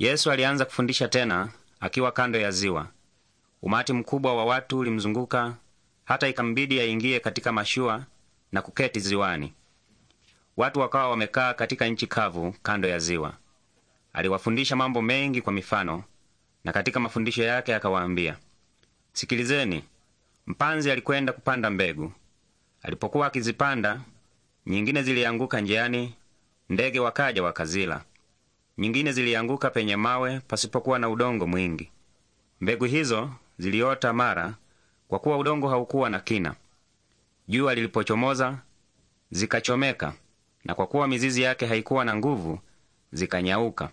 Yesu alianza kufundisha tena akiwa kando ya ziwa. Umati mkubwa wa watu ulimzunguka hata ikambidi yaingiye katika mashua na kuketi ziwani. Watu wakawa wamekaa katika nchi kavu kando ya ziwa. Aliwafundisha mambo mengi kwa mifano, na katika mafundisho yake akawaambia, Sikilizeni, mpanzi alikwenda kupanda mbegu. Alipokuwa akizipanda, nyingine zilianguka njiani, ndege wakaja wakazila nyingine zilianguka penye mawe pasipokuwa na udongo mwingi. Mbegu hizo ziliota mara, kwa kuwa udongo haukuwa na kina. Jua lilipochomoza zikachomeka, na kwa kuwa mizizi yake haikuwa na nguvu zikanyauka.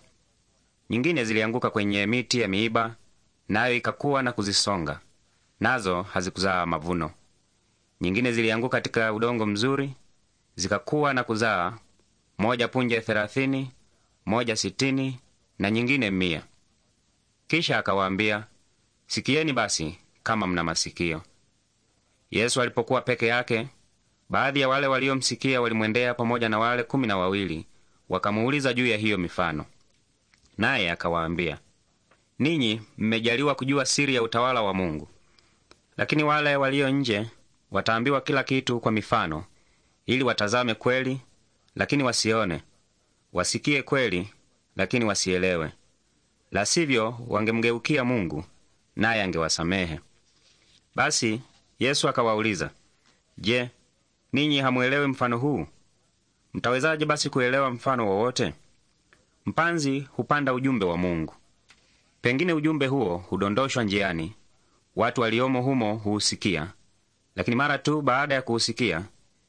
Nyingine zilianguka kwenye miti ya miiba, nayo ikakuwa na kuzisonga, nazo hazikuzaa mavuno. Nyingine zilianguka katika udongo mzuri, zikakuwa na kuzaa moja punje thelathini moja sitini na nyingine mia. Kisha akawaambia, sikieni basi kama mna masikio. Yesu alipokuwa peke yake, baadhi ya wale waliomsikia walimwendea pamoja na wale kumi na wawili wakamuuliza juu ya hiyo mifano, naye akawaambia, ninyi mmejaliwa kujua siri ya utawala wa Mungu, lakini wale walio nje wataambiwa kila kitu kwa mifano, ili watazame kweli, lakini wasione, wasikie kweli, lakini wasielewe; la sivyo wangemgeukia Mungu, naye angewasamehe. Basi Yesu akawauliza, Je, ninyi hamwelewi mfano huu? Mtawezaje basi kuelewa mfano wowote? Mpanzi hupanda ujumbe wa Mungu. Pengine ujumbe huo hudondoshwa njiani, watu waliomo humo huusikia, lakini mara tu baada ya kuusikia,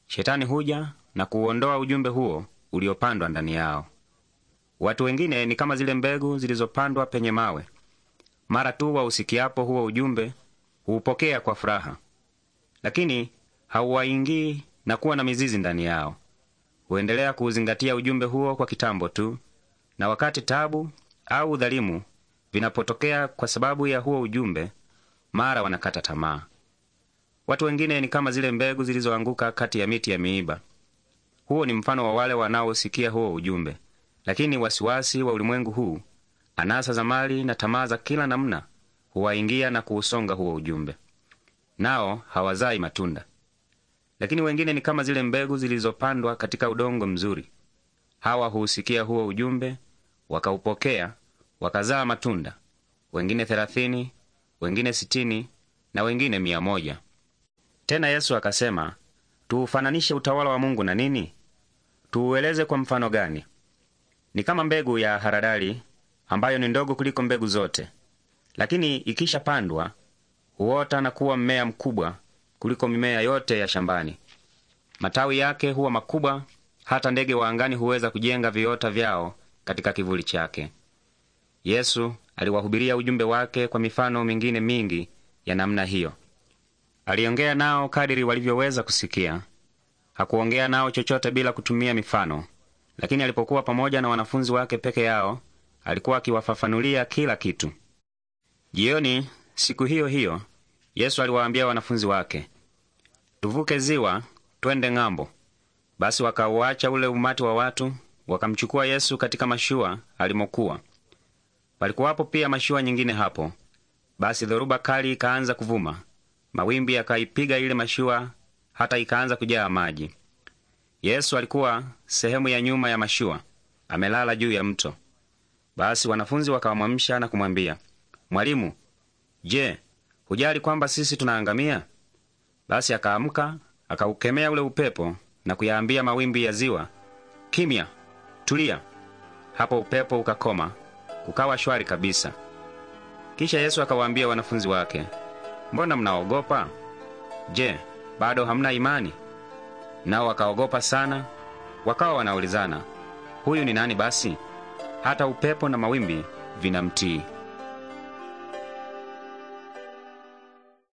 shetani huja na kuuondoa ujumbe huo uliopandwa ndani yao. Watu wengine ni kama zile mbegu zilizopandwa penye mawe. Mara tu wausikiapo huo ujumbe huupokea kwa furaha, lakini hauwaingii na kuwa na mizizi ndani yao. Huendelea kuuzingatia ujumbe huo kwa kitambo tu, na wakati tabu au udhalimu vinapotokea kwa sababu ya huo ujumbe, mara wanakata tamaa. Watu wengine ni kama zile mbegu zilizoanguka kati ya miti ya miiba. Huo ni mfano wa wale wanaosikia huo ujumbe, lakini wasiwasi wa ulimwengu huu, anasa za mali na tamaa za kila namna huwaingia na kuusonga huo ujumbe, nao hawazai matunda. Lakini wengine ni kama zile mbegu zilizopandwa katika udongo mzuri. Hawa huusikia huo ujumbe, wakaupokea, wakazaa matunda, wengine thelathini, wengine sitini na wengine mia moja. Tena Yesu akasema, tuufananishe utawala wa Mungu na nini? Tuueleze kwa mfano gani? Ni kama mbegu ya haradali ambayo ni ndogo kuliko mbegu zote, lakini ikisha pandwa huota na kuwa mmea mkubwa kuliko mimea yote ya shambani. Matawi yake huwa makubwa, hata ndege wa angani huweza kujenga viota vyao katika kivuli chake. Yesu aliwahubiria ujumbe wake kwa mifano mingine mingi ya namna hiyo. Aliongea nao kadiri walivyoweza kusikia, Hakuongea nao chochote bila kutumia mifano, lakini alipokuwa pamoja na wanafunzi wake peke yao alikuwa akiwafafanulia kila kitu. Jioni siku hiyo hiyo Yesu aliwaambia wanafunzi wake, tuvuke ziwa twende ng'ambo. Basi wakauacha ule umati wa watu, wakamchukua Yesu katika mashua alimokuwa. Palikuwapo pia mashua nyingine hapo. Basi dhoruba kali ikaanza kuvuma, mawimbi yakaipiga ile mashua hata ikaanza kujaa maji. Yesu alikuwa sehemu ya nyuma ya mashua, amelala juu ya mto. Basi wanafunzi wakawamwamsha na kumwambia, Mwalimu, je, hujali kwamba sisi tunaangamia? Basi akaamka akaukemea ule upepo na kuyaambia mawimbi ya ziwa, Kimya, tulia. Hapo upepo ukakoma, kukawa shwari kabisa. Kisha Yesu akawaambia wanafunzi wake, mbona mnaogopa? Je, bado hamna imani? Nao wakaogopa sana, wakawa wanaulizana, huyu ni nani basi? Hata upepo na mawimbi vinamtii.